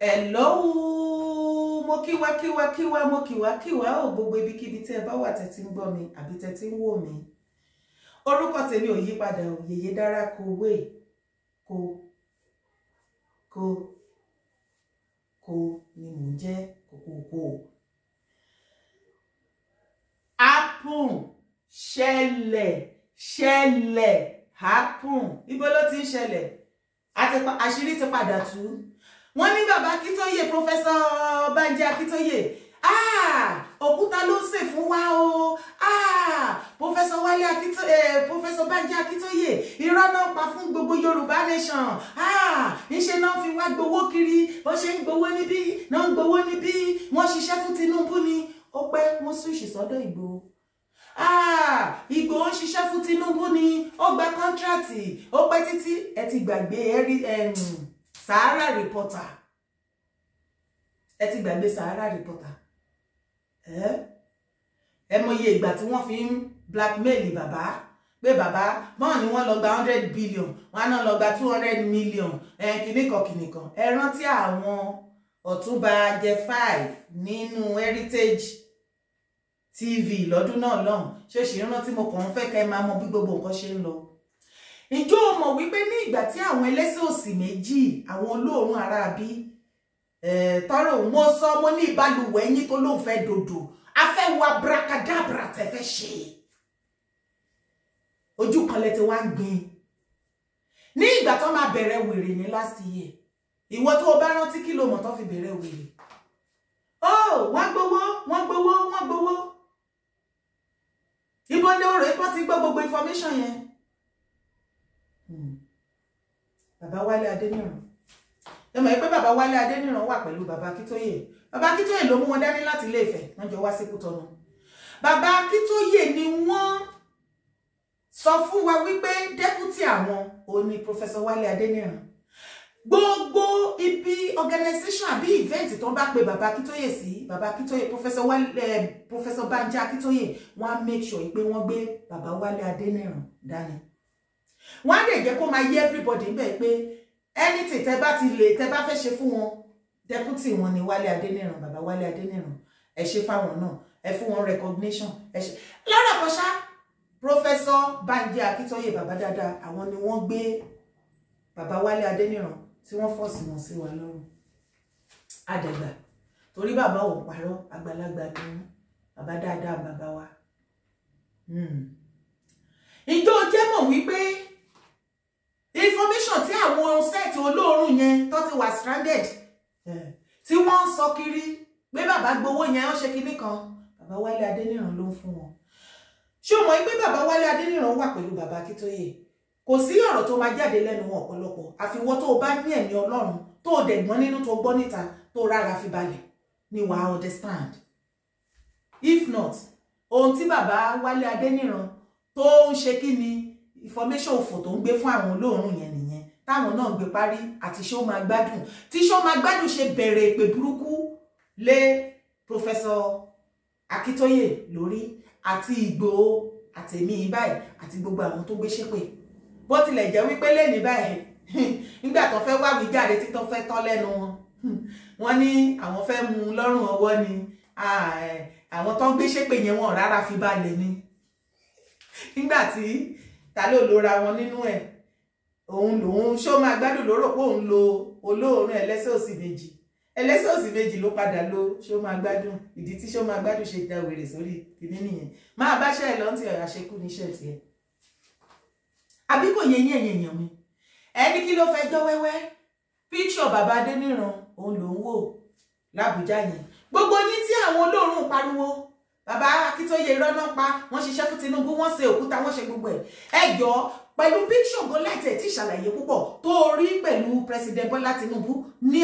hello mo kíwá kíwá kíwá mo kíwá kíwá ò gbogbo ibikíbi tẹ́ ẹ bá wà tẹ́ ti ń gbọ́ mi àbí tẹ́ ti ń wò mí orúkọ tèmi ò yí padà ò yèyé dára kó wé kó kó kó ni mò ń jẹ́ kókókó happen ṣẹlẹ̀ ṣẹlẹ̀ happen ibo ló ti ń ṣẹlẹ̀ àṣírí ti padà tú wọ́n ní bàbá akíntóyè pọfẹ́sọ banji akíntóyè ah, òkúta ló ń sè fún wa o ah, pọfẹ́sọ wálé akíntóyè eh, pọfẹ́sọ banji akíntóyè irọ́ náà pa fún gbogbo yorùbá nation ńṣe ah, náà fi wá gbowó kiri wọ́n ṣe ń gbowó níbí náà ń gbowó níbí wọ́n ṣiṣẹ́ fún tinubu ni ó pẹ́ wọ́n switch sọ́dọ̀ ìgbòho Ìgbòho ń ṣiṣẹ́ fún tinubu ni ó gba kọ́ńtrátì ó pẹ́ títí ẹ ti gbàgbé ẹ rí sahara reporter ẹ ti gbàgbé sahara reporter ẹ ẹ mọye ìgbà tí wọ́n fi ń blackmail bàbá pé bàbá bọ́ọ̀ ni wọ́n lọ gba hundred billion wọn á náà lọ gba two hundred million ẹ kìnnìkan kìnnìkan ẹ rántí àwọn ọ̀túnba jefai nínú heritage tv lọ́dún náà lọ́hùn ṣé ṣì ń rántí mo kàn ń fẹ́ kẹ́ máa mọ bí gbogbo nǹkan ṣe ń lọ ìjọ mọ̀ wípé ní ìgbà tí àwọn ẹlẹ́sìn òsì méjì àwọn olóòórùn aráabí tọrọ mo sọ mo ní ìbálùwẹ̀ yín tó lóun fẹ́ dòdò a fẹ́ wo abrakadabra tẹ́ fẹ́ ṣe ojú kan lẹ ti wá ń gbin ní ìgbà tó máa bẹ̀rẹ̀ wèrè ní last year ìwọ tó o bá rántí kí ló mọ̀ tó fi bẹ̀rẹ̀ wèrè ó wọ́n gbowó wọ́n gbowó wọ́n gbowó ibo ni o rò é pọ́n ti gbọ́ gbogbo information yẹn bàbá Wálé Adéníran ẹ mọ̀ pé bàbá Wálé Adéníran wà pẹ̀lú bàbá Akíntóyè bàbá Akíntóyè ló mú wọn dání láti ilé Ifẹ̀ wọ́n jọ wá sí Kútọ́nù bàbá Akíntóyè ni wọ́n sọ fún wa wípé dẹ́kútì àwọn òun ni Professor Wálé Adéníran gbogbo ibi organization àbí event tó bá pe bàbá Akíntóyè sí bàbá Akíntóyè Professor Wálé eh, Professor Bánjí Akíntóyè wọ́n á make sure pé wọ́n gbé bàbá Wálé Adéníran dání wọ́n á lè jẹ́ kó máa yé everybody ń bẹ̀ pé anything tẹ́ bá ti lè tẹ́ bá fẹ́ ṣe fún wọn deputy wọn ni Wálé Adéníran bàbá Wálé Adéníran ẹ ṣe fáwọn náà ẹ fún wọn recognition ẹ ṣe lọ́dọ̀ kan ṣá professor Banji Akitoye bàbá dáadáa àwọn ni wọ́n gbé bàbá Wálé Adéníran tí wọ́n fọ́ọ̀sì wọn sí wa lọ́rùn àdàgbà torí bàbá ò parọ́ àgbàlagbà ni wọ́n bàbá dáadáa bàbá wa. Hmm. ǹjọ́ jẹ́ mọ̀ wípé information tí àwọn sẹ́ẹ̀tì olóorun yẹn tó ti wà stranded eh, tí wọ́n ń sọ kiri pé bàbá gbowó yẹn ó ṣe kinní kan bàbá Wálé Adéníran ló ń fún wọn ṣé o mọ̀ pé bàbá Wálé Adéníran wà pẹ̀lú bàbá Akíntóyè kò sí ọ̀rọ̀ tó máa jáde lẹ́nu wọn ọ̀pọ̀lọpọ̀ àfiwọ́ tó o bá ní ẹ̀mí Ọlọ́run tó o dẹ̀ gbọ́n nínú tó gbọ́ níta tó rárá fi balẹ̀ ni wàá understand if not ohun tí bàbá Wálé Adéníran tó ń ṣe kí ni information òfò tó ń gbé fún àwọn olóòórùn yẹn nìyẹn táwọn náà gbé parí àti ṣé ó máa gbádùn tí ṣé ó máa gbádùn ṣe bẹ̀rẹ̀ ìpè burúkú lé professor Akitoye lórí àti Ìgbòho àtẹ̀mí báyìí àti gbogbo àwọn tó gbé ṣépè bó tilẹ̀ jẹ́ wípé lẹ́ni báyìí nígbà tó fẹ́ wáwí jáde tí tó fẹ́ tọ́ lẹ́nu wọn wọ́n ní àwọn fẹ́ mú un lọ́rùn ọwọ́ ni àwọn tó ń gbé ṣépè yẹn wọn rárá fi balẹ̀ ni nígbà tí ta ló lora wọn nínú ẹ̀ òun lòun ṣó máa gbádùn lóró pé òun lo olóòórùn ẹlẹ́sẹ̀ òsì méjì ẹlẹ́sẹ̀ òsì méjì ló padà lo ṣó máa gbádùn ìdí tí ṣó máa gbádùn ṣe da wèrè sórí kìíní nìyẹn máa bá ṣe ẹ lọ́ntì ọ̀yà ṣekú níṣẹ́ tiẹ̀ àbí kò yẹ yín ẹ̀yìn èèyàn mi ẹni kí ló fẹ́ jọ́ wẹ́wẹ́ píṣọ bàbá adéníran òun lòún wò lábújá yẹn gbogbo yín tí àwọn olóòórùn pariwo bàbá akíntóye irọ́ náà pa wọ́n ṣiṣẹ́ fún tinubu wọ́n ṣe òkúta wọ́n ṣe gbogbo ẹ̀ ẹ jọ pẹ̀lú bí ṣògo láìtẹ̀ tí ṣàlàyé púpọ̀ tó rí pẹ̀lú president bọ́lá tinubu ní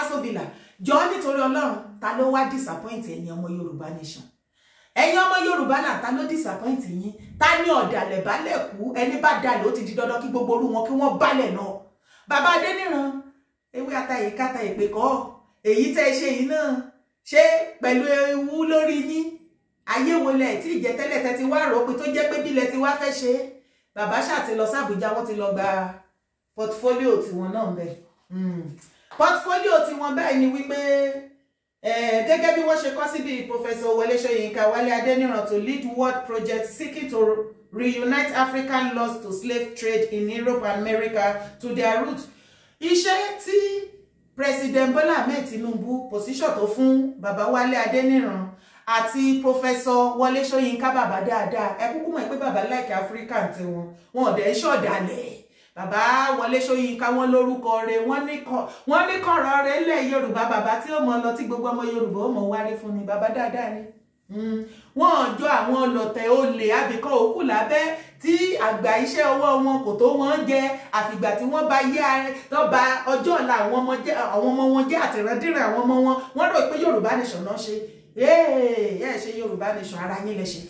aso villa jọ nítorí ọlọ́run ta ló wá disappoint ẹ̀yin ọmọ yorùbá nation ẹ̀yin ọmọ yorùbá náà ta ló disappoint yín ta ní ọ̀dàlẹ̀ balẹ̀ kú ẹni bá dalẹ̀ ó ti di dandan kí gbogbo orú wọn kí wọ́n balẹ̀ náà bàbá adéníran ewé atayè kátà ìpè kọ́ èyí tẹ́ ṣe yìí náà ṣé pẹ̀lú ewu lórí yín ayé wo lẹ̀ tí ìjẹ́ tẹ́lẹ̀ tẹ́ ti wá ròpin tó jẹ́ pé bílẹ̀ ti wá fẹ́ ṣe bàbá ṣáà ti lọ sàbújá wọ́n ti lọ gba portfolio tiwọn náà ń bẹ hmm. portfolio tiwọn báyìí ni wípé gẹ́gẹ́ bí wọ́n ṣe kọ́ síbi Professor Wọlé Ṣóyínká Wálé Adéníran to lead world project seeking to reunite African lost to slave trade in Europe and America to their roots iṣẹ́ tí President Bola Ahmed Tinubu position tó fún bàbá Wálé Adéníran àti pọfẹsọ Wọlé Ṣóyínká bàbá dáadáa ẹ kúkú mọ̀ pé bàbá láìkí áfíríkà ti wọn wọn ò dẹ̀ ń ṣọ̀dàlẹ̀ bàbá Wọlé Ṣóyínká wọn lórúkọ rẹ̀ wọn ní kọ̀rọ̀ rẹ̀ ilẹ̀ Yorùbá bàbá tí ó mọ lọ tí gbogbo ọmọ Yorùbá ó mọ wárí fún ni bàbá dáadáa ni hmm. wọn jọ àwọn ọlọ̀tẹ̀ olè abìkan òkú lábẹ́ tí àgbà iṣẹ́ ọwọ́ wọn kò tó wọ́n jẹ àfìgbà tí wọ́n bá yé ààrẹ tó ba ọjọ́ ọ̀la àwọn ọmọ wọn jẹ́ àtìrẹ́dìrẹ́ àwọn ọmọ wọn wọ́n rò pé Yorùbá nìṣọ̀nà ṣe ẹ ṣe Yorùbá nation ara yín lẹ ṣe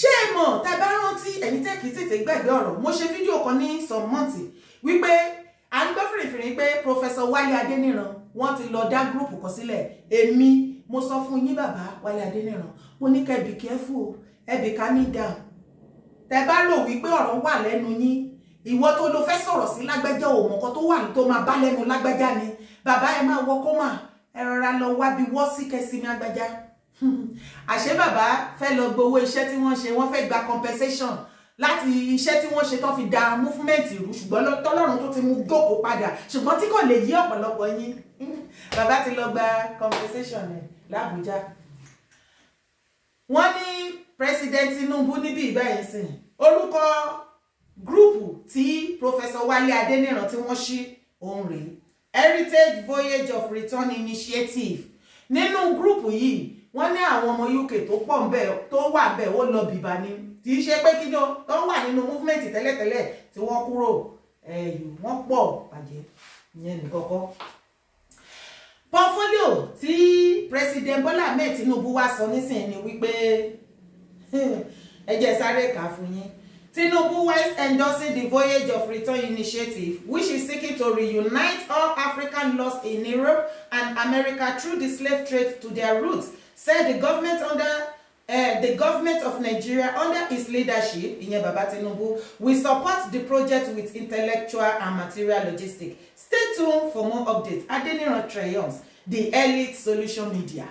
ṣé ẹ mọ̀ tá a bá rántí ẹ̀yin tẹ́ kì í tètè gbàgbé ọ̀rọ̀ mo ṣe fídíò kan ní some months wípé a ń gbọ́ fìrìfìrì pé Professor Wálé Adéníran wọ́n ti lọ dá gúrùpù kan sílẹ̀ èmi mo sọ fún yín bàbá Wálé Adéníran mo ní kẹ́ be careful ẹ be calm down tẹ́ bá rò wípé ọ̀rọ̀ wà lẹ́nu yín ìwọ tó lọ fẹ́ sọ̀rọ̀ sí lágbájá òmùkọ tó wà tó máa bá lẹ́nu lágbájá ni bàbá ẹ máa wọ kó máa ẹ rọra lọ wábi wọ́ sí kẹsìmí agbájá àṣé bàbá fẹ́ lọ gbowó iṣẹ́ tí wọ́n ṣe wọ́n fẹ́ gba compensation láti iṣẹ́ tí wọ́n ṣe tó fi da movement rú ṣùgbọ́n tọ́lọ́run tó ti mú dòkó padà ṣùgbọ́n tí kò lè yí ọ̀pọ̀lọpọ̀ yín bàbá ti lọ gba compensation ẹ̀ làbújá wọ́n ní president Tinubu níbi ìbáyìí sìn orúkọ gúrùpù tí professor Wálé Adéníran tí wọ́n ṣí òun rèé heritage voyage of return initiative nínú gúrùpù yìí wọ́n ní àwọn ọmọ UK tó pọ̀ ń bẹ̀ tó wà bẹ̀ ó lọ bìbà ni kì í ṣe pé kí ló tó wà nínú movement tẹ́lẹ̀tẹ́lẹ̀ tí wọ́n kúrò wọ́n pọ̀ bàjẹ́ ìyẹn nìkan portfolio tí president Bola Ahmed Tinubu wá sọ nísìnyí ni wípé ẹ jẹ́ sáré kà fún yín Tinubu West endorsing the Voyage of Return initiative, which is seeking to reunite all African lost in Europe and America through the slave trade to their roots, said the government under uh, the government of Nigeria under its leadership, Iyen Baba Tinubu, will support the project with intellectual and material logistics. Stay tuned for more updates. Adeniran Triumphs, The Elite Solution Media.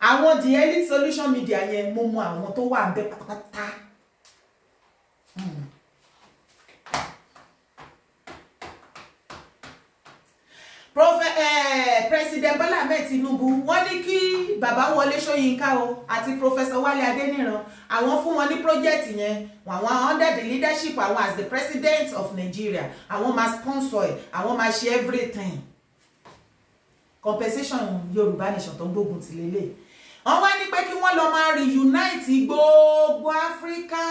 I want The Elite Solution Media yẹn mo mọ àwọn tó wà ń bẹ pátápátá. president Bọ́lá Ahmed Tinubu wọ́n ní kí bàbá Wọlé Ṣóyínká o àti professor Wálé Adéníran àwọn fún wọn ní project yẹn àwọn under the leadership àwọn as the president of Nigeria àwọn máa sponsor ẹ̀ àwọn máa ṣe everything compensation Yorùbá nation tó ń gbógun ti lélẹ̀ wọ́n wá ní pé kí wọ́n lọ máa reunite gbogbo Áfíríkà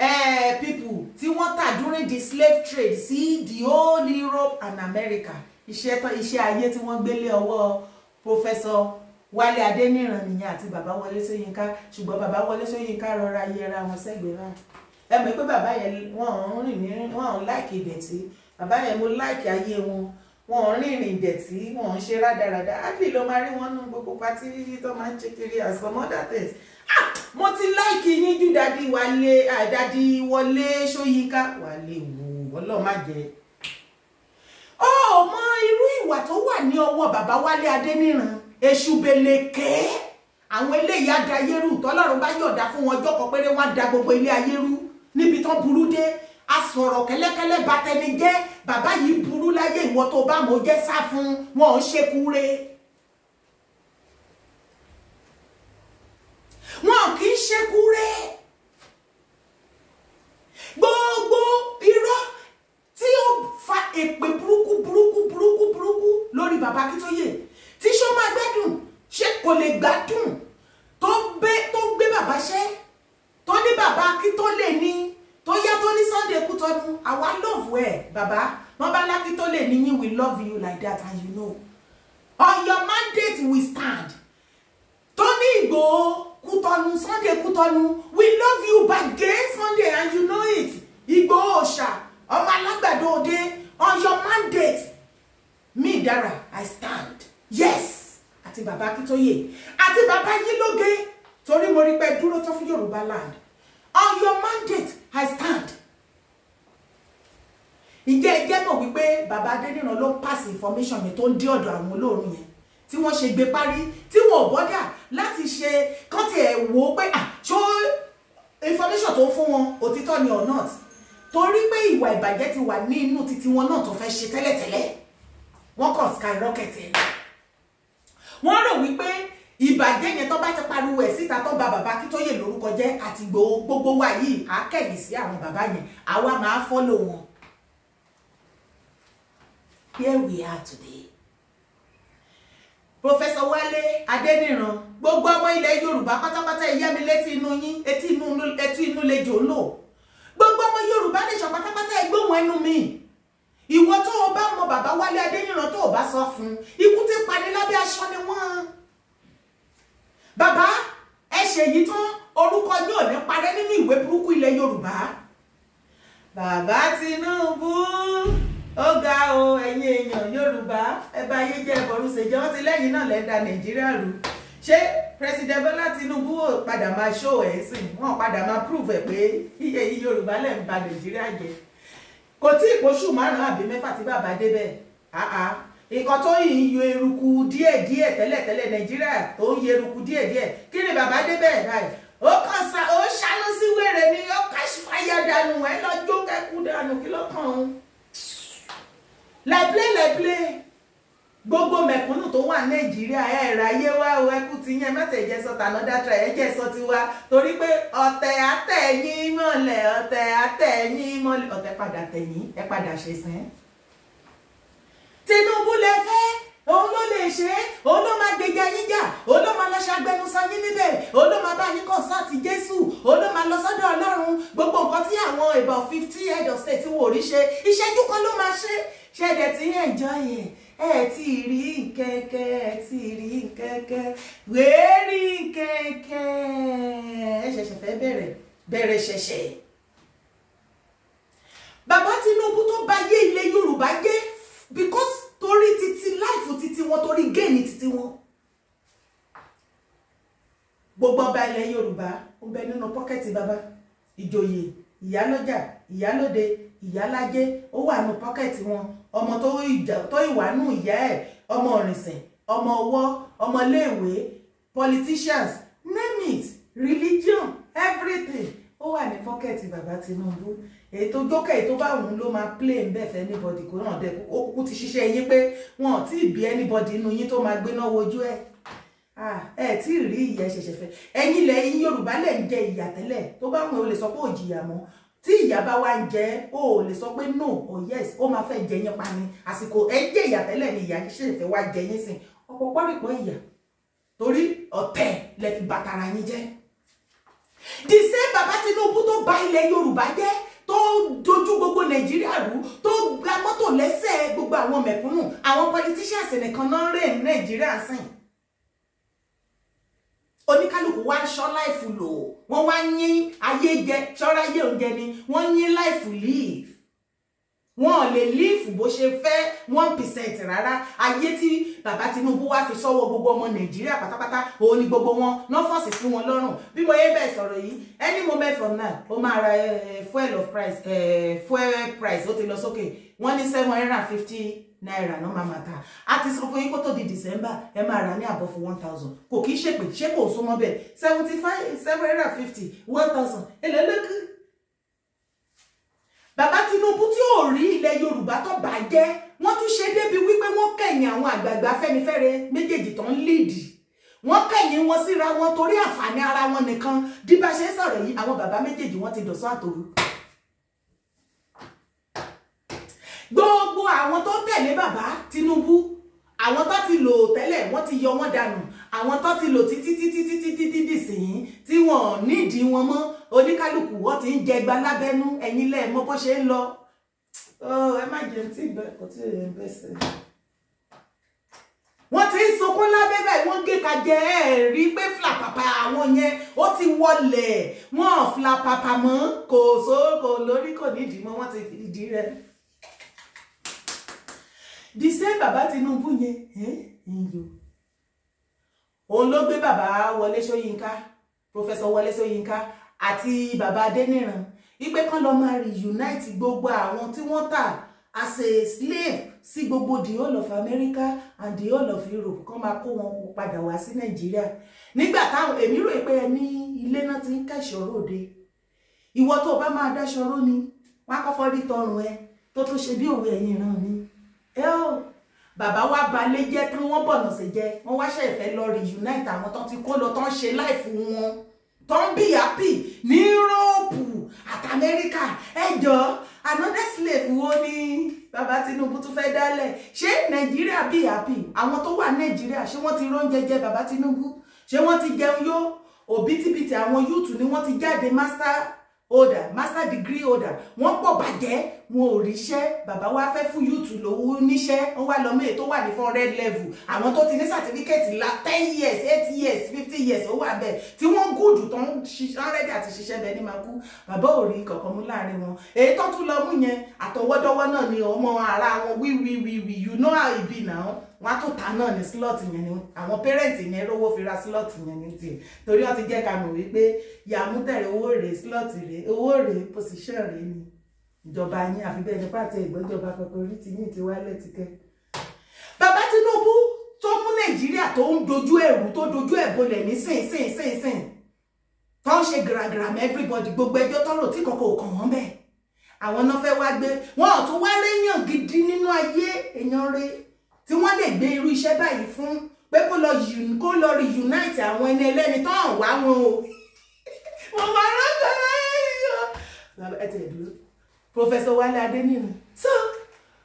uh, people tí wọ́n tà during the slave trade sí the whole Europe and America iṣẹ́ tán iṣẹ́ ayé tí wọ́n gbélé ọwọ́ professor Wálé Adéníran nìyẹn àti bàbá Wọlé Ṣóyínká ṣùgbọ́n bàbá Wọlé Ṣóyínká rọra yẹra wọn sẹ́gbẹ̀ẹ́ náà ẹ mọ̀ pé bàbá yẹn wọ́n rìn ní wọ́n láìkì ìdẹ̀tí bàbá yẹn mo láìkì ayé wọn wọn ò rìnrìn ìdẹ̀tí wọn ṣe rádaràda ábì ló máa rí wọn nú gbogbo patí tó máa ń ṣe kiri as some mo ti láìkì yín jù dádì wálé eh, dádì wọlé ṣóyínká wálé wò ọlọ́ọ̀ má jẹ ọ mọ irú ìwà tó wà ní ọwọ́ bàbá wálé adéníran èṣù bèlèké àwọn eléyìí adayérú tọ́lọ́run bá yọ̀dá fún wọn ọjọ́ kan péré wọ́n á da gbogbo ilé ayérú níbi tán burú dé a sọ̀rọ̀ kẹ́lẹ́kẹ́lẹ́ ba tẹni jẹ́ bàbá yìí burú láyé ìwọ tó bá mọ̀ jẹ́ sá fún wọn ò ṣekú re. wọn kì í ṣe kúrẹ́ information yẹn tó ń dé ọ̀dọ̀ àwọn olóòórùn yẹn tí wọ́n ṣe gbé parí tí wọ́n ò bọ́dà láti ṣe kọ́ńtì ẹ̀ wò ó pé ṣó information tó ń fún wọn òtítọ́ ni or not torí pé ìwà ìbàjẹ́ ti wà ní inú titi wọn náà tó fẹ́ ṣe tẹ́lẹ̀tẹ́lẹ̀ wọ́n kàn skyrocket ẹ̀ wọ́n rò wípé ìbàjẹ́ yẹn tó bá ti pariwo ẹ̀ síta tó ba bàbá Akíntóyè lórúkọ jẹ́ àti gbogbo wa yìí àákẹ́yìn sí àwọn bàbá yẹn àwa máa fọ́lọ̀ wọn here we are today. Professor Wale Adeniran gbogbo ọmọ ilẹ̀ Yorùbá pátápátá ìyá mi létí inú yín etí inú etí inú lè jò lò gbogbo ọmọ Yorùbá nation pátápátá ẹgbóhùn ẹnu mi ìwọ tó o bá mọ bàbá Wálé Adéníran tó o bá sọ fún ikú ti pani lábẹ́ aṣọ ni wọ́n bàbá ẹ ṣèyí tán orúkọ yóò ní parẹ́ nínú ìwé burúkú ilẹ̀ Yorùbá bàbá Tinubu ó ga o ẹ̀yin èèyàn yorùbá ẹ bá yé jẹ́ ẹ̀bọ̀rún ṣèjọ́ ó ti lẹ́yìn náà lẹ́dà nàìjíríà rú ṣé president bọ́lá tinubu ò padà máa ṣó ẹ̀ sìn wọ́n padà máa prove ẹ̀ pé iye yìí yorùbá lẹ̀ ń ba nàìjíríà jẹ́ kò tí ì pọ̀ṣù márùn-ún àbí mẹ́fà tí bàbá débẹ̀ nǹkan tó yìn yọ eruku díẹ̀díẹ̀ tẹ́lẹ̀tẹ́lẹ̀ nàìjíríà tó ń yọ eruku díẹ̀díẹ̀ kí ni bàbá débẹ̀ báyìí ó kàn sá ó ṣáná sí wèrè ni ó kàṣ fàyà dànù ẹ lọ jó kẹkù dànù kí ló òun lẹ́plé lẹ́plé gbogbo mẹ̀kúnnù tó wà nàìjíríà ẹ ráyé wá o ẹkú ti yẹn mẹ́tẹ̀ jẹ́ sọ tàná dátra ẹ jẹ́ sọ ti wá torí pé ọ̀tẹ̀ àtẹ̀yìn mọ́lẹ̀ ọ̀tẹ̀ àtẹ̀yìn mọ́lẹ̀ ọ̀tẹ̀ padà tẹ̀yìn ẹ padà ṣe sẹ́n. Tinubu lè fẹ́ òun ló lè ṣe é òun ló máa gbèjà yín jà òun ló máa lọ ṣàgbẹnusọ yín níbẹ̀ òun ló máa bá yín kàn sáàtì jésù òun ló máa lọ sọ́dọ̀ ọlọ́run gbogbo nǹkan tí àwọn ìbọn fifty head of state wò rí ṣe ìṣẹ́jú kan ló máa ṣe ṣẹ̀dẹ̀ tí enjoy ẹ̀ ẹ̀ tí rí nkẹ́kẹ́ ẹ̀ tí rí nkẹ́kẹ́ wèé rí nkẹ́kẹ́ ẹ̀ ṣẹ̀ṣẹ̀ fẹ́ bẹ̀rẹ̀ bẹ̀rẹ̀ ṣẹ̀ṣẹ̀. bàbá Tinubu tó bá yé ilé Yorùbá jẹ́ because torí titi láìfù titi wọn torí géènì titi wọn gbogbo ọba ilẹ̀ Yorùbá ń bẹ nínú pọ́kẹ́tì bàbá ìjòyè ìyálọ́jà ìyálóde ìyálájé ó wà nínú pọ́kẹ́tì wọn ọmọ tó ìwánú ìyá ẹ̀ ọmọ òrìṣìn ọmọ ọwọ́ ọmọ iléèwé politicians name it religion everything ó wà ní pọ́kẹ́ẹ̀tì bàbá Tinubu ètò jókè ètò báwọn ló máa play ń bẹ̀fẹ̀ anybody kó náà dẹ̀ ó kúkú ti ṣiṣẹ́ yín pé wọn ò tí ì bí anybody inú yín tó máa gbéná wojú ẹ̀ ẹ tí ì rí ìyà ṣẹ̀ṣẹ̀ fẹ́ ẹ̀yin lẹ́yìn Yorùbá lẹ̀ ń jẹ ìyà tẹ́lẹ̀ tó bá wọn ò lè sọ pé òjìyà mọ́ tí ìyá bá wá ń jẹ ó ò lè sọ pé no Oh yes ó máa fẹ́ jẹ yín pa ni àsìkò ẹ jẹ ìyà tẹ́lẹ̀ ni ìyá ṣe fẹ́ wá jẹ yín sìn ọ̀pọ̀ pọ́nrìpọ̀ ìyà torí ọ̀tẹ̀ lẹ fi bàtàrà yín jẹ́ the same bàbá Tinubu tó bà ilẹ̀ Yorùbá jẹ́ tó dojú gbogbo Nàìjíríà rú tó gba mọ́tò lẹ́sẹ̀ gbogbo àwọn mẹ̀kúnnù àwọn politicians nìkan náà rẹ̀ ní Nàìjíríà sìn oníkálukú wá ń ṣọ́ láìfù lò wọ́n wá ń yín ayé jẹ ṣọ́ra ayé òun jẹ ni wọ́n yín láìfù live wọn lè lífù bó ṣe fẹ́ one percent rárá ayé tí bàbá Tinubu wá fi sọ́wọ́ gbogbo ọmọ Nàìjíríà pátápátá òun ni gbogbo wọn náà fọ́ọ̀sì fún wọn lọ́rùn bí mo yé bẹ́ẹ̀ sọ̀rọ̀ yìí any moment from now ó máa ra eh, fuel of price eh, fuel price ó ti lọ sókè wọ́n ní seven hundred and fifty naira. náà máa máa ta a ti sọ fún yín kó tó di December ẹ máa rà ní àbọ̀ fún one thousand kò kì í ṣèpè ṣé kò súnmọ́ bẹ́ẹ̀ seventy five seven hundred and fifty one thousand èlé lẹ́kùn bàbá Tinubu tí ò rí ilẹ̀ Yorùbá tó bàjẹ́ wọ́n tún ṣe débi wípé wọ́n kẹ̀yìn àwọn àgbààgbà Afẹ́nifẹ́re méjèèjì tó ń líìdì wọ́n kẹ̀yìn wọn síra wọn torí àǹfààní ara wọn nìkan bí bá ṣe ń sọ̀rọ̀ yìí àwọn bàbá méjèèjì wọ́n ti dọ̀sán àtòru gbogbo àwọn tó tẹ̀lé bàbá Tinubu àwọn tó ti lò tẹ́lẹ̀ wọ́n ti yọ wọ́n dànù àwọn tó ti lò títí títí títí títí dìsìn tí wọ́n nídìí wọn mọ́ oníkálukú wọ́n ti ń jẹ gba lábẹ́nú ẹ̀yin lẹ́ẹ̀ mọ́ bó ṣe ń lọ ẹ má jẹ tí ìgbà kò tí ò yẹ ń bẹ̀sẹ̀. wọ́n ti ń sunkún lábẹ́ bẹ́ẹ̀ wọ́n gé ka jẹ ẹ̀ rí pé flapapa àwọn yẹn ó ti wọlẹ̀ wọ́n flapapa mọ́ kò sóko lórí kò nídìí mọ́ wọ́n ti fi ìdí rẹ̀. the same bàbá Tinubu yẹn ń yọ òun ló gbé bàbá Wọlé Ṣóyínká Professor Wọlé Ṣóyínká àti bàbá Adéníran wípé kán lọ máa reunite gbogbo àwọn tí wọ́n tà as a slave sí gbogbo the whole of America and the whole of Europe kán máa kó wọn padà wá sí Nàìjíríà nígbà táwọn èmi rò pé ẹ ní ilé náà ti ń kẹ̀ṣọ́ ròde ìwọ tó o bá máa dáṣọ ró ni wọn á kọ́kọ́ rí tọrùn ẹ tó tó ṣe bí òwe ẹ̀yìn ìran mi ẹ ó bàbá wa balẹ̀ jẹ́ tán wọ́n bọ̀nà sí jẹ́ wọ́n wáṣẹ́ ìfẹ́ lọ reunite àwọn tán ti kó lọ tán ṣe láìfún wọn tó ń bí happy ní yúróòpù àti amẹ́ríkà ẹjọ́ another slave wo ni bàbá Tinubu tún fẹ́ dálẹ̀ ṣé nàìjíríà bí happy àwọn tó wà nàìjíríà ṣé wọ́n ti róúnjẹ jẹ bàbá Tinubu ṣé wọ́n ti jẹun yó òbítíbitì àwọn yúùtù ni wọ́n ti jáde master order, master degree order. wọ́n pọ̀ bàjẹ́ wọn ò ríṣẹ́ bàbá wa fẹ́ fún yúùtù lówó níṣẹ́ wọ́n wá lọ mẹ́ẹ̀ tó wà ní four red level àwọn tó ti ní sàtífíkẹ́ẹ̀tì la ten years eight years fifty years ó wà bẹ́ẹ̀ tí wọ́n gùdù tó ń ṣiṣẹ́ rẹ́dí àti ṣiṣẹ́ bẹ́ẹ̀ ní máa kú bàbá ò rí kankan mú láàrin wọn èyí tó tún lọ mú yẹn àtọwọ́dọ́wọ́ náà ni ọmọ ara wọn wíwíwíwí you know how it be now wọn á tún ta náà ní slot yẹn ni àwọn parent yẹn rówó fi ra slot yẹn ní tiẹ̀ torí wọn ti jẹ́ ká mọ̀ wípé yàmútẹ̀rẹ̀ owó rèé slot rèé owó rèé position rèé ni ìjọba yín àfi bẹ́ẹ̀ nípa àti ìgbẹ́jọba kankan orí ti yín ti wálẹ̀ ti kẹ́. bàbá Tinubu tó mú Nàìjíríà tó ń dojú ẹ̀rù tó dojú ẹ̀ bolẹ̀ ní sìn sìn sìn sìn tó ń ṣe gàràgàrà mọ́ everybody gbogbo ẹjọ́ tọ́rọ̀ tí kankan ò kàn wọ́n bẹ́ẹ̀ àwọn náà fẹ́ wá gbé wọn ò tún wá léèyàn gidi nínú ayé èèyàn rẹ̀ tí wọ́n lè gbé irú iṣẹ́ báyìí fún pé kó lọ kó lọ reunite àwọn ẹni ẹlẹ́ni tó hàn wá wọn o wọn máa rán gbọ́dọ̀ ẹ̀yọ́ ẹ tẹ̀ dúró. Professor Wálé Adéníran so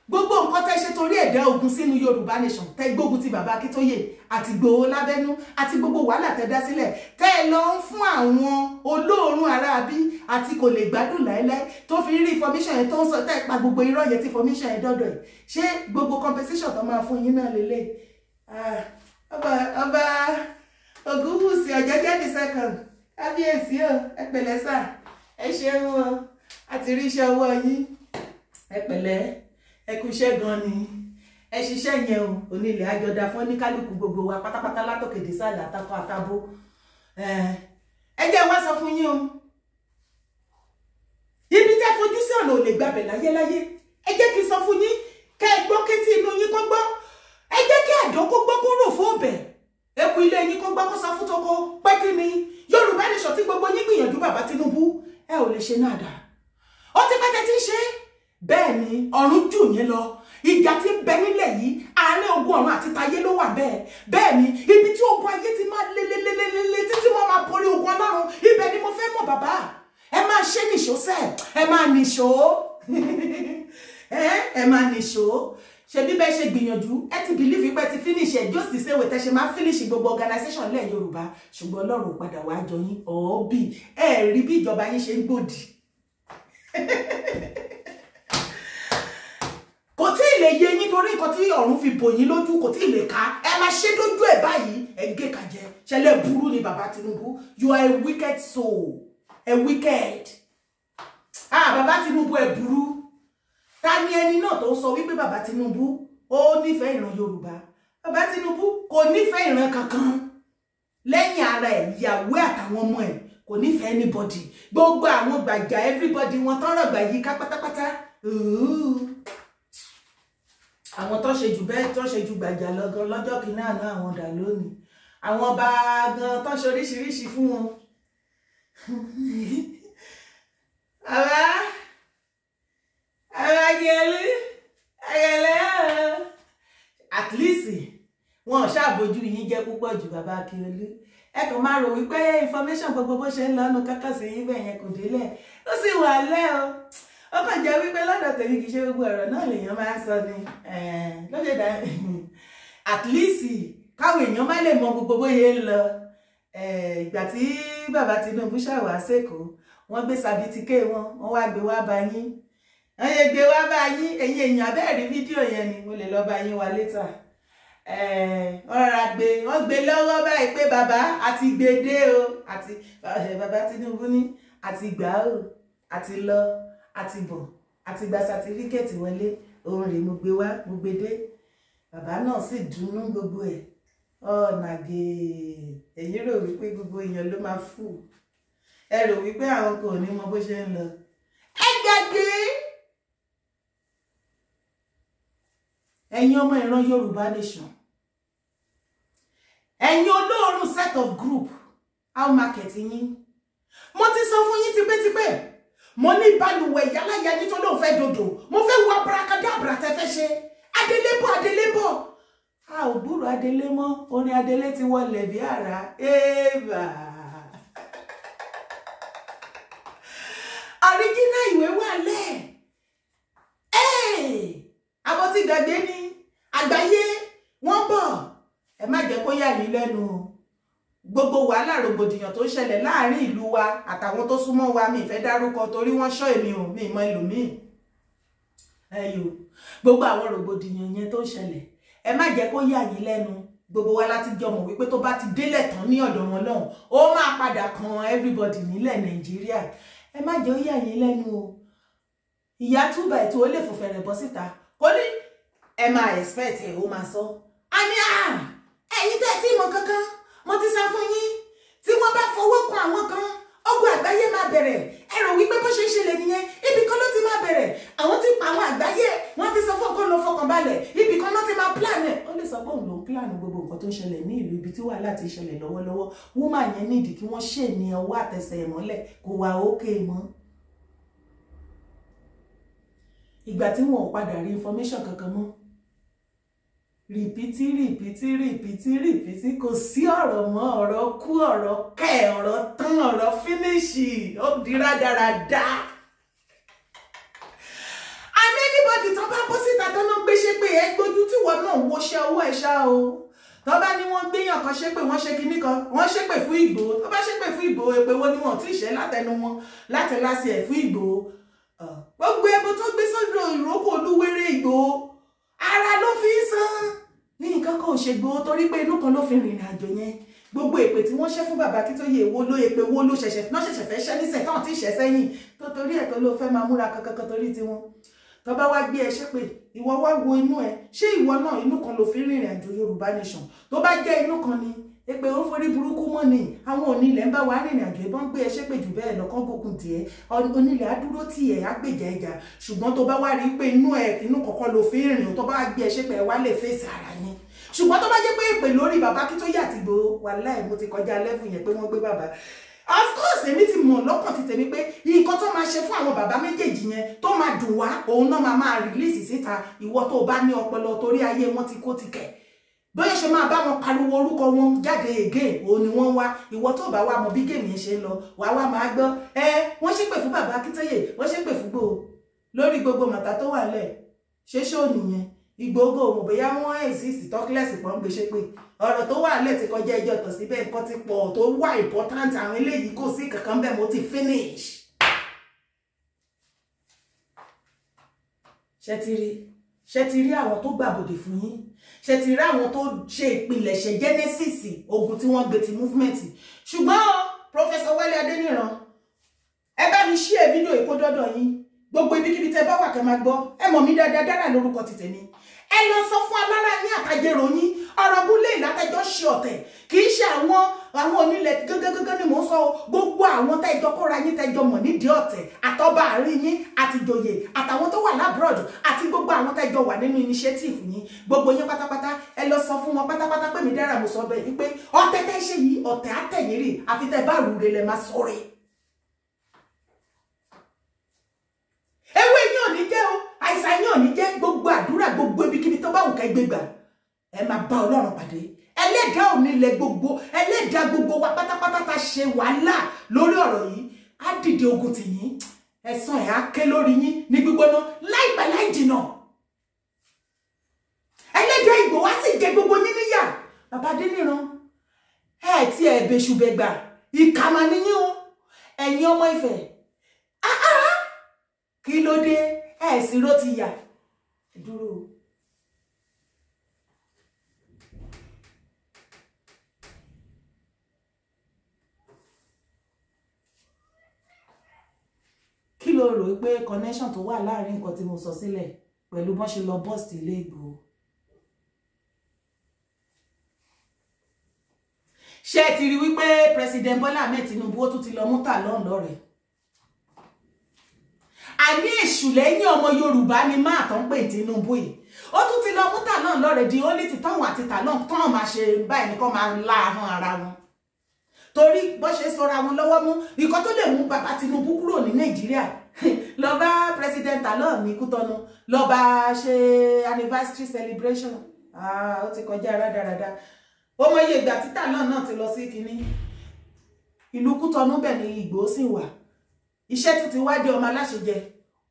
gbogbo nǹkan tẹ́ ṣe torí ẹ̀dá ogun sínú Yorùbá nation tẹ́ gbógun ti bàbá Akíntóyè àti Ìgbòho lábẹ́nú àti gbogbo wàhálà tẹ́ dá sílẹ̀ tẹ́ ẹ lọ ń fún àwọn olóòórùn aráabí àti kò lè gbádùn láéláé tó fi rí information yẹn tó ń sọ tẹ́ ẹ pa gbogbo irọ́ yẹn tí information yẹn dọ́dọ̀ ẹ̀ ṣé gbogbo compensation tó máa fún yín náà lélẹ̀ ah, ọba ọba Ògúnwùsì Ọ̀jẹ́jẹ́ the second kábíyèsí o ẹ pẹ̀lẹ́ sà ẹ ṣeun o a ti rí iṣẹ́ ọwọ́ yín ẹ pẹ̀lẹ́ ẹ kú iṣẹ́ gan ni ẹ ṣiṣẹ́ yẹn o onílẹ̀ àjọdá fún oníkálukú gbogbo wa pátápátá látòkè dé sàlẹ̀ àtakọ àtabo ẹ jẹ́ wá sọ fún yín o ibi tẹ́ fojú sí ọ̀nà ò lè gbabẹ̀ láyéláyé ẹ jẹ́ kí n sọ fún yín kẹ́ ẹ gbọ́ kétí inú yín kó gbọ́ ẹ jẹ́ kí àdán kó gbọ́ kó rò fóòbẹ̀ eku ilé yín kó gbọ́ kó sọ fún toko pé ni Yorùbá nìṣọ̀ tí gbogbo yín gbìyànjú bàbá Tinubu ẹ ò lè ṣe náà dáa ó ti pẹ́ tẹ́tí ṣe bẹ́ẹ̀ ni ọ̀run jù yín lọ ìjà tí ń bẹ nílẹ̀ yìí àárín ogun ọ̀run àti tayé ló wà bẹ́ẹ̀ bẹ́ẹ̀ ni ibi tí ogun ayé ti máa lelelelele títí wọ́n máa borí ogun ọlọ́run ibẹ̀ ni mo fẹ́ mọ̀ bàbá ẹ máa ṣe nìṣó sẹ́ ẹ máa nìṣó ẹ máa nìṣó ṣe bíbẹ́ ṣe gbìyànjú ẹ ti bìlífì pé ti finish ẹ just the same way tẹ ṣe máa finish gbogbo organisation lẹ̀ yorùbá ṣùgbọ́n ọlọ́run padà wàá jọ yín ọ̀ọ́bì ẹ rí bí ìjọba yín ṣe ń gbòdì kò tí ì lè yé yín torí nǹkan tí ọ̀run fi bò yín lójú kò tí ì lè ká ẹ máa ṣe dójú ẹ̀ báyìí ẹ gé kàjẹ ṣẹlẹ̀ burú ni bàbá Tinubu you are a wicked soul a wicked ah bàbá Tinubu ẹ burú ta ni ẹni náà tó sọ wípé bàbá Tinubu ó nífẹ̀ẹ́ ìran Yorùbá bàbá Tinubu kò nífẹ̀ẹ́ ìran kankan lẹ́yìn ara ẹ̀ ìyàwó àtàwọn ọmọ ẹ̀ kò nífẹ̀ẹ́ anybody gbogbo àwọn gbàjà everybody wọn tọrọ gbà yí ká pátápátá àwọn tó ṣe jù bẹ́ẹ̀ tó ṣe jù gbàjà lọ́gán lọ́jọ́ kìíní àná àwọn dà lónìí àwọn ọba gan tó ṣe oríṣiríṣi fún wọn. àwa àwa yẹlé ayẹlẹ at least wọn ò ṣàbójú yín jẹ́ púpọ̀ jù bàbá Akíọlú ẹ kàn máa rò wípé information gbogbo bó ṣe ń lọ́nu kankan sí ibẹ̀ yẹn kò délẹ̀ ó sì wà lẹ́ o ó kàn jẹ́ wípé lọ́dọ̀ tèmi kì í ṣe gbogbo ọ̀rọ̀ náà lèèyàn máa ń sọ ni lóde dá at least káwọn èèyàn má lè mọ gbogbo bóyá ń lọ ìgbà tí bàbá Tinubu ṣàwà sẹ́kọ̀ọ́ wọ́n gbé sàbítíkẹ́ wọn wọ́n wá gbé wá bá yín wọ́n yẹ gbé wá bá yín ẹ̀yin èèyàn abẹ́ẹ̀rí fídíò yẹn ni mo lè lọ bá yín wá létà. Eh, wọ́n rà gbé wọ́n gbé lọ́wọ́ báyìí pé bàbá àti gbèdé o àti eh, bàbá Tinubu ní àti gbà o àti lọ àti bọ̀ àti gba sátífíkẹ̀tì wọlé òun rèé mo gbé wá mo gbé dé bàbá náà sì dùnnú gbogbo ẹ̀ ọ̀nàgè ẹ̀yin rò wípé gbogbo èèyàn ló máa fù ẹ rò wípé àwọn kò ní mọ bó ṣe ń lọ ẹ gbàgbé ẹ̀yin ọmọ ìran Yorùbá nation ẹ̀yin olóorun set of group how market yín mo ti sọ fún yín tipẹ́tipẹ́ mo ní balùwẹ̀ yálàyà ní tó lóun fẹ́ dodo mo fẹ́ wo abracadabra tẹ fẹ́ ṣe adelébọ̀ adelébọ̀ a ò gbúrò adelé mọ́ orin adelé ti wọlẹ̀ bí ara éèbà àríjínà ìwé wà lẹ́ẹ̀ àbọ̀tí ìdàgbé ni àgbáyé wọ́n bọ̀ ẹ má jẹ́ kó yà yín lẹ́nu gbogbo wàhálà rògbòdìyàn tó ṣẹlẹ̀ láàrin ìlú wa àtàwọn tó súnmọ́ wa mi ìfẹ́ dárúkọ torí wọ́n ṣọ́ èmi ò mi ìmọ̀ ẹlòmíì ẹyọ gbogbo àwọn rògbòdìyàn yẹn tó ń ṣẹlẹ̀ ẹ má jẹ́ kó yà yín lẹ́nu gbogbo wa láti jọ mọ̀ wípé tó bá ti délẹ̀ tán ní ọ̀dọ̀ wọn náà ó máa padà kan everybody nílẹ̀ nàìjíríà ẹ má jẹ́ ó yà yín lẹ́nu o ìyá túbà ètò ó lè fòfẹ̀rẹ̀ bọ́ síta kò ní ẹ máa expect ẹ̀ ó máa sọ. a ní à ẹ̀yin tẹ́ tí mọ̀ kankan mo ti sọ fún yín tí wọ́n bá fọwọ́ kan àwọn kan ogun àgbáyé máa bẹ̀rẹ̀ ẹ rò wípé bó ṣe ń ṣẹlẹ̀ nìyẹn ibì kan ló ti máa bẹ̀rẹ̀ àwọn ti pa àwọn àgbáyé wọ́n ti sọ fọ́kàn lọ fọkàn balẹ̀ ibì kan ló ti máa plan ẹ̀ ó lè sọ pé òun ló ń plan gbogbo nǹkan tó ń ṣẹlẹ̀ ní ìlú ibi tí wàhálà ti ṣẹlẹ̀ lọ́wọ́lọ́wọ́ woman yẹn nídìí kí wọ́n ṣe ní ọwọ́ àtẹsẹ̀ ẹ̀ mọ́lẹ̀ kó wa ókè mọ́. ìgbà tí wọn ò padà rí information kankan mọ́ rìpítí rìpítí rìpítí rìpítí kò sí ọ̀rọ̀ mọ́ ọ̀rọ̀ kú ọ̀rọ̀ kẹ́ ọ̀rọ̀ tán ọ̀rọ̀ fínísì ó di rádaràda. àmì anybody tó bá bó síta tó náà gbé ṣépè ẹ gbójú tí wọn náà wọṣẹ́ owó ẹ ṣá o tó bá ní wọ́n gbéyàn kan ṣépè wọ́n ṣe kinní kan wọ́n ṣépè fún Ìgbòho tó bá ṣépè fún Ìgbòho èpè wo ni wọn ò tí ì ṣe látẹnu wọn láti láti ẹ̀ fún Ìgbòho gbogbo ẹbọ tó gbé sódò ìrókò olúwéré Ìgbòho lọ́kọ̀ òṣègbò torí pé inú kan ló fi rìnrìn àjò yẹn gbogbo èpè tí wọ́n ṣẹ́ fún bàbá Akíntóyè wo ló èpè wo ló ṣẹ̀ṣẹ̀ náà ṣẹ̀ṣẹ̀ fẹ́ ṣẹ́ nísẹ̀ tán tí ìṣẹ́ sẹ́yìn tó torí ẹ̀ tó ló fẹ́ máa múra kankan torí tiwọn tó bá wá gbé ẹ ṣe pé ìwọ wá wo inú ẹ ṣé ìwọ náà inú kan ló fi rìnrìn àjò Yorùbá nation tó bá jẹ́ inú kan ni èpè ó forí burúkú mọ́ ni àwọn onílẹ̀ ń bá wa rìnrìn àjò ìbọn gbé ẹ ṣépè jù bẹ́ẹ̀ lọ́kàn gòkun tiẹ̀ onílẹ̀ á dúró tì ẹ̀ á gbèjà ẹ̀jà ṣùgbọ́n tó bá wá rí i pé inú ẹ̀ inú kọ̀ọ̀kan ló fi ń rìn tó bá gbé ẹ ṣépè wá lè fèsì ara yín ṣùgbọ́n tó bá jẹ́ pé èpè lórí bàbá kí tó yà ti gbòó wàláì mo ti kọjá lẹ́fù yẹn pé wọ́n gbé bàbá of course èmi ti mọ̀ lọ́kàn ti tèmi pé nǹkan tó máa ṣe fún àwọn bàbá méjèèjì yẹn tó máa dùn wá òun náà máa máa rìlíìsì síta ìwọ tó bá ní ọpọlọ torí ayé wọn ti kó ti kẹ̀ bóyá ṣe máa bá wọn pariwo orúkọ wọn jáde again òun ni wọ́n wá ìwọ tó bá wá mọ bí géèmì yẹn ṣe ń lọ wàá wá máa gbọ́ ẹ wọ́n ṣépè fún bàbá Akíntóyè wọ́n ṣépè fún gbòó lórí gbogbo màtá tó wà lẹ̀ ṣé ṣé ò nìyẹn ìgbógo òmò bóyá wọn exist tọkílẹsì pọ̀ ń gbèsè pé ọ̀rọ̀ tó wà lẹ́ẹ̀tì kọjá ẹjọ́ tọ̀ síbẹ̀ nǹkan ti pọ̀ tó wà important àwọn eléyìí kò sí kankan bẹ́ẹ̀ mo ti finish. ṣe ti rí ṣe ti rí àwọn tó gbàbòdè fún yín ṣe ti rí àwọn tó ṣe ìpilẹ̀ṣẹ̀ genesis ogun tí wọ́n gbé ti movement ṣùgbọ́n Professor Wálé Adéníran ẹ bá mi ṣí ẹ fídíò yìí kó dọ́dọ̀ yín gbogbo ibikíbi tẹ bá wà kẹ máa gbọ́ ẹ mọ̀ mí dáadáa dára lórúkọ ti tèmi ẹ lọ sọ fún alára yín àtàjẹrò yín ọ̀rọ̀ búlé ìlàtẹjọ ṣe ọ̀tẹ̀ kì í ṣe àwọn àwọn onílẹ̀ gángan ni mò ń sọ gbogbo àwọn tẹjọ kóra yín tẹjọ mọ̀ nídìí ọ̀tẹ̀ àtọba àárín yín àtìjòyè àtàwọn tó wà labroad àti gbogbo àwọn tẹjọ wà nínú initiative yín gbogbo yín pátápátá ẹ lọ sọ fún wọn pátápátá pé mi dára mo sọ bẹ́ẹ̀ wípé ọ̀tẹ̀ tẹ ṣe yìí ọ̀tẹ̀ àtẹyìn àfi tẹ bá rúre lẹ máa sọ̀rọ̀ yín jẹ́ gbogbo àdúrà gbogbo ibikíbi tó bá wù ká gbégbà ẹ máa bá ọlọ́run pàdé ẹlẹ́dàá ò nílẹ̀ gbogbo ẹlẹ́dàá gbogbo wa pátápátá ta ṣe wàhálà lórí ọ̀rọ̀ yìí á dìde ogun tì yín ẹ̀san ẹ̀ á ké lórí yín ní gbígbóná láìpẹ́ láì jìnà ẹlẹ́dàá ìgbò wá sì jẹ gbogbo yín níyà bàbá adéníran ẹ ti ẹ̀ bẹ̀ṣùbẹ̀gbà ìkà máa níyìn o ẹ̀yin ọmọ Ifẹ̀ kí ló dé ẹ̀ sì ró ti yà dúró. kí ló rò pé connection tó wà láàrin nǹkan tí mo sọ sílẹ̀ pẹ̀lú bọ́n ṣe lọ bọ́ọ̀sì ilé Ìgbòho. ṣé ti rí wípé president Bọ́lá Ahmed Tinubu ó tún ti lọ mú tà lọ́ọ̀lọ́rẹ̀ẹ́ àní èṣù lẹ́yìn ọmọ yorùbá ni máa tán pé tinubu yìí ó tún ti lọ mútà náà lọ́rẹ̀ di ó ní tìtọ́hún àti tà náà tán máa ṣe báyìí nìkan máa ń la ahọ́n ara wọn torí bó ṣe sọra wọn lọ́wọ́ mú nǹkan tó lè mú bàbá tinubu kúrò ní nàìjíríà lọ bá president alon ní kútọ́nu lọ bá ṣe anniversary celebration ah, ó ti kọjá rádaràda ó mọ iye ìgbà títà náà náà ti lọ sí kinní ìlú kútọ́nu bẹ̀ ni ìgbó sì wà iṣẹ́ tún ti wá dé ọmọ aláṣẹ jẹ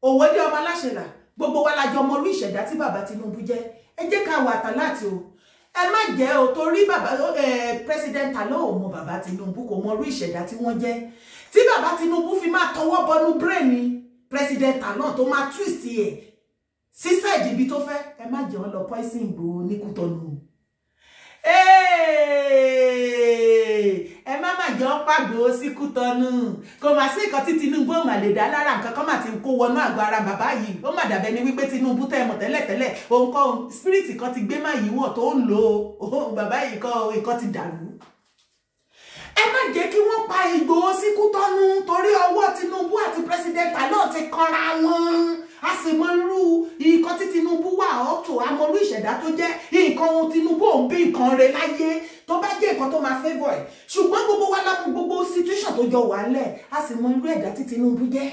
òwò dé ọmọ aláṣẹ là gbogbo wa la jọ mọ orí ìṣẹ̀dá tí bàbá Tinubu jẹ́ ẹ jẹ́ ká wà tà láti o ẹ má jẹ́ o torí bàbá president alo ò mọ bàbá Tinubu kò mọ orí ìṣẹ̀dá tí wọ́n jẹ́ tí bàbá Tinubu fi máa tọwọ́ bọnú bírèèni president alo tó máa twist ẹ̀ sísẹ́ẹ̀dì ibi tó fẹ́ ẹ má jẹ́ wọn lọ poison gbòó ní Kútọ́nù. Hey! má má jọ pàgbó síkú tọ́nù kò má sí nǹkan tí Tinubu ò má lè dá lára nǹkan kan má ti kó wọnú àgọ́ ara bàbá yìí ó má dàbẹ́ ni wípé Tinubu tẹ́ mọ̀ tẹ́lẹ̀tẹ́lẹ̀ òun spirit kan ti gbé má yìí wọ̀ tó ń lò ó bàbá yìí kọ́ nǹkan ti dàrú ẹ má jẹ́ kí wọ́n pa Ìgbòho síkú tọ́nu torí ọwọ́ Tinubu àti president Talon ti kanra wọn a sì mọ irú nǹkan tí Tinubu wà ọ́tò amọ̀rú ìṣẹ̀dá tó jẹ́ nǹkan ohun Tinubu òun bí nǹkan rẹ̀ láyé tó bá jẹ́ nǹkan tó máa favour ẹ̀ ṣùgbọ́n gbogbo wa lámú gbogbo situation tó jọ wà lẹ̀ a sì mọ irú ẹ̀dá tí Tinubu jẹ́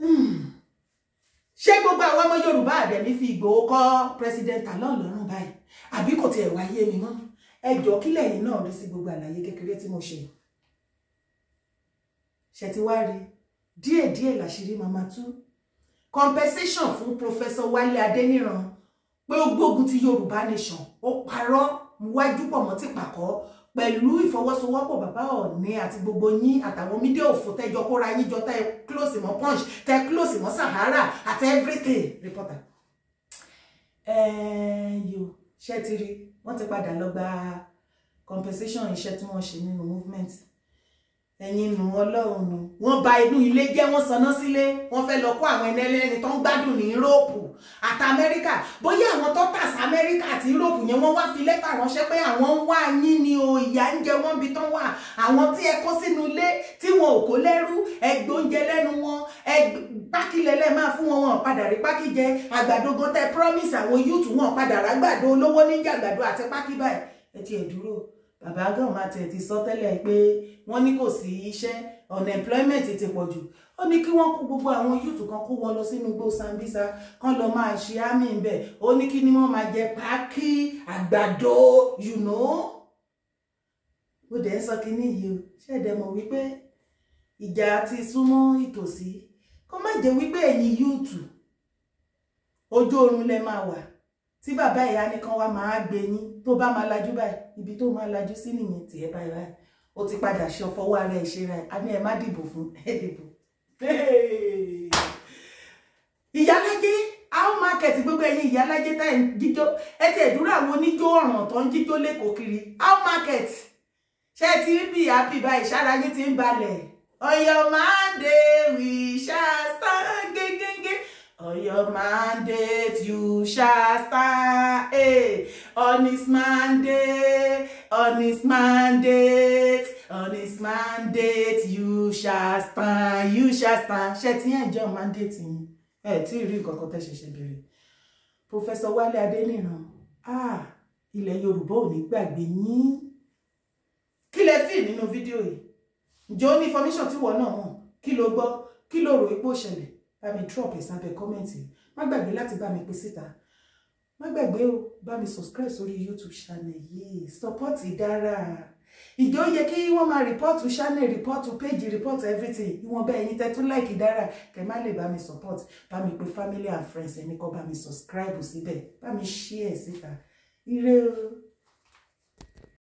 hmm. ṣé gbogbo àwọn ọmọ Yorùbá àdẹ̀mí fi Ìgbòho kọ́ president Talon lọ́rùn báyìí àbí kò tiẹ̀ wáyé mi mọ́ ẹ jọ̀ọ́ kí lẹ́yìn náà rí sí gbogbo àlàyé kékeré tí mo ṣe ṣe ti wá rí díẹ̀díẹ̀ làṣírí màmá tú compensation fún Professor Wálé Adéníran pé ó gbógun ti Yorùbá nation ó parọ́ mo wájú pọ̀ mọ́ ti pàkọ́ pẹ̀lú ìfọwọ́sowọ́pọ̀ bàbá ọ̀ní àti gbogbo yín àtàwọn mídíà òfò tẹjọ kóra yín jọ tẹ close mọ́ punch tẹ close mọ́ sahara àti everything reporter. ẹ̀ẹ́yò ṣẹ́ ti rí wọ́n ti padà lọ gba compensation iṣẹ́ tí wọ́n ṣe nínú movement ẹ̀yin nù ọlọ́run nù wọ́n ba inú ilé jẹ́ wọ́n sanná sílé wọ́n fẹ́ lọ kó àwọn ẹni ẹlẹ́ni tó ń gbádùn ní yúróòpù àti amẹ́ríkà bóyá àwọn tó tà sí amẹ́ríkà àti yúróòpù yẹn wọ́n wá fi lẹ́tà ránṣẹ́ pé àwọn ń wá yín ni o ìyà ń jẹ wọ́n bi tán wà àwọn tí ẹ kó sínú ilé tí wọn ò kó lẹ́rú ẹ gbóúnjẹ lẹ́nu wọn ẹ pákílẹ̀ lẹ́ máa fún wọn wọn padà rí pákí jẹ àgbàdo gan tẹ promise àwọn youth wọn padà rágbàdo olówó níjà àgbàdo àti pákí báyìí ẹ ti ẹ̀ dúró bàbá gàmà tiẹ̀ ti sọ tẹ́lẹ̀ pé wọ́n ní kò sí iṣẹ́ unemployment ti pọ̀ jù ó ní kí wọ́n kó gbogbo àwọn yúùtù kan kó wọ́n lọ sínú igbó Sambisa kan lọ máa ṣe ámì ń bẹ̀ ó ní kí ni wọ́n máa jẹ pákí àgbàdo you know ó dẹ̀ ń sọ kínní yìí o ṣẹ̀dẹ̀ mọ̀ wípé ìjà ti súnmọ́ ìtòsí kó má jẹ́ wípé ẹ̀yin yúùtù ojú oorun lẹ máa wà tí bàbá ìyá nìkan wá máa gbé yín tó bá máa lajú báyìí ibi tó máa lajú sí nìyẹn tiẹ̀ báyìí báyìí ó ti padà ṣe ọfọwọ́ ara ẹ̀ ṣe ra ẹ̀ a ní ẹ má dìbò fún ẹ dìbò. ìyálájé àwọn mákẹ́tì gbogbo ẹ̀yin ìyálájé tá ẹ̀ ń jíjó ẹ ti ẹ̀dúrà àwọn oníjó ọ̀ràn tó ń jíjó lẹ́kọ̀ọ́ kiri àwọn mákẹ́tì ṣé ti ń bì happy báyìí ṣára yín ti ń balẹ̀ ọ̀yọ́ máa ń dé wíṣà sàn gégége ọ̀yọ́ máa ń dé tù ṣà sàn on his mandate, on his mandate, on his mandate, you shall stand, you shall stand. Ṣé ti yẹn jẹ́ mandate yín? Ẹ tí ì rí nǹkan kan tẹ́ ṣe ṣe bèrè. Pòfẹ́sọ̀ Wálé Adéníran, ah, ilẹ̀ Yorùbá ò ní gbàgbé yín. Kí lẹ fi nínú fídíò yìí? Ǹjẹ́ ní information ti wọ́n náà hàn? Kí lo gbọ́? Kí lo rò ipò ṣẹlẹ̀? Bá mi drop ẹ̀ sábẹ́ kọ́mẹ̀ntì. Má gbàgbé láti bá mi pín síta má gbàgbé o bá mi subscribe sórí youtube channel yìí support dára ìjọ yẹ kí wọ́n máa rìpọ́ọ̀tù channel report péjì rìpọ́ọ̀tù everything ìwọ̀n bẹ́ẹ̀ yín tẹ́ tún láìkì dára kẹ́ má lè bá mi support bá mi pe family and friends ẹni kọ́ bá mi subscribe síbẹ̀ bá mi share síta ire o.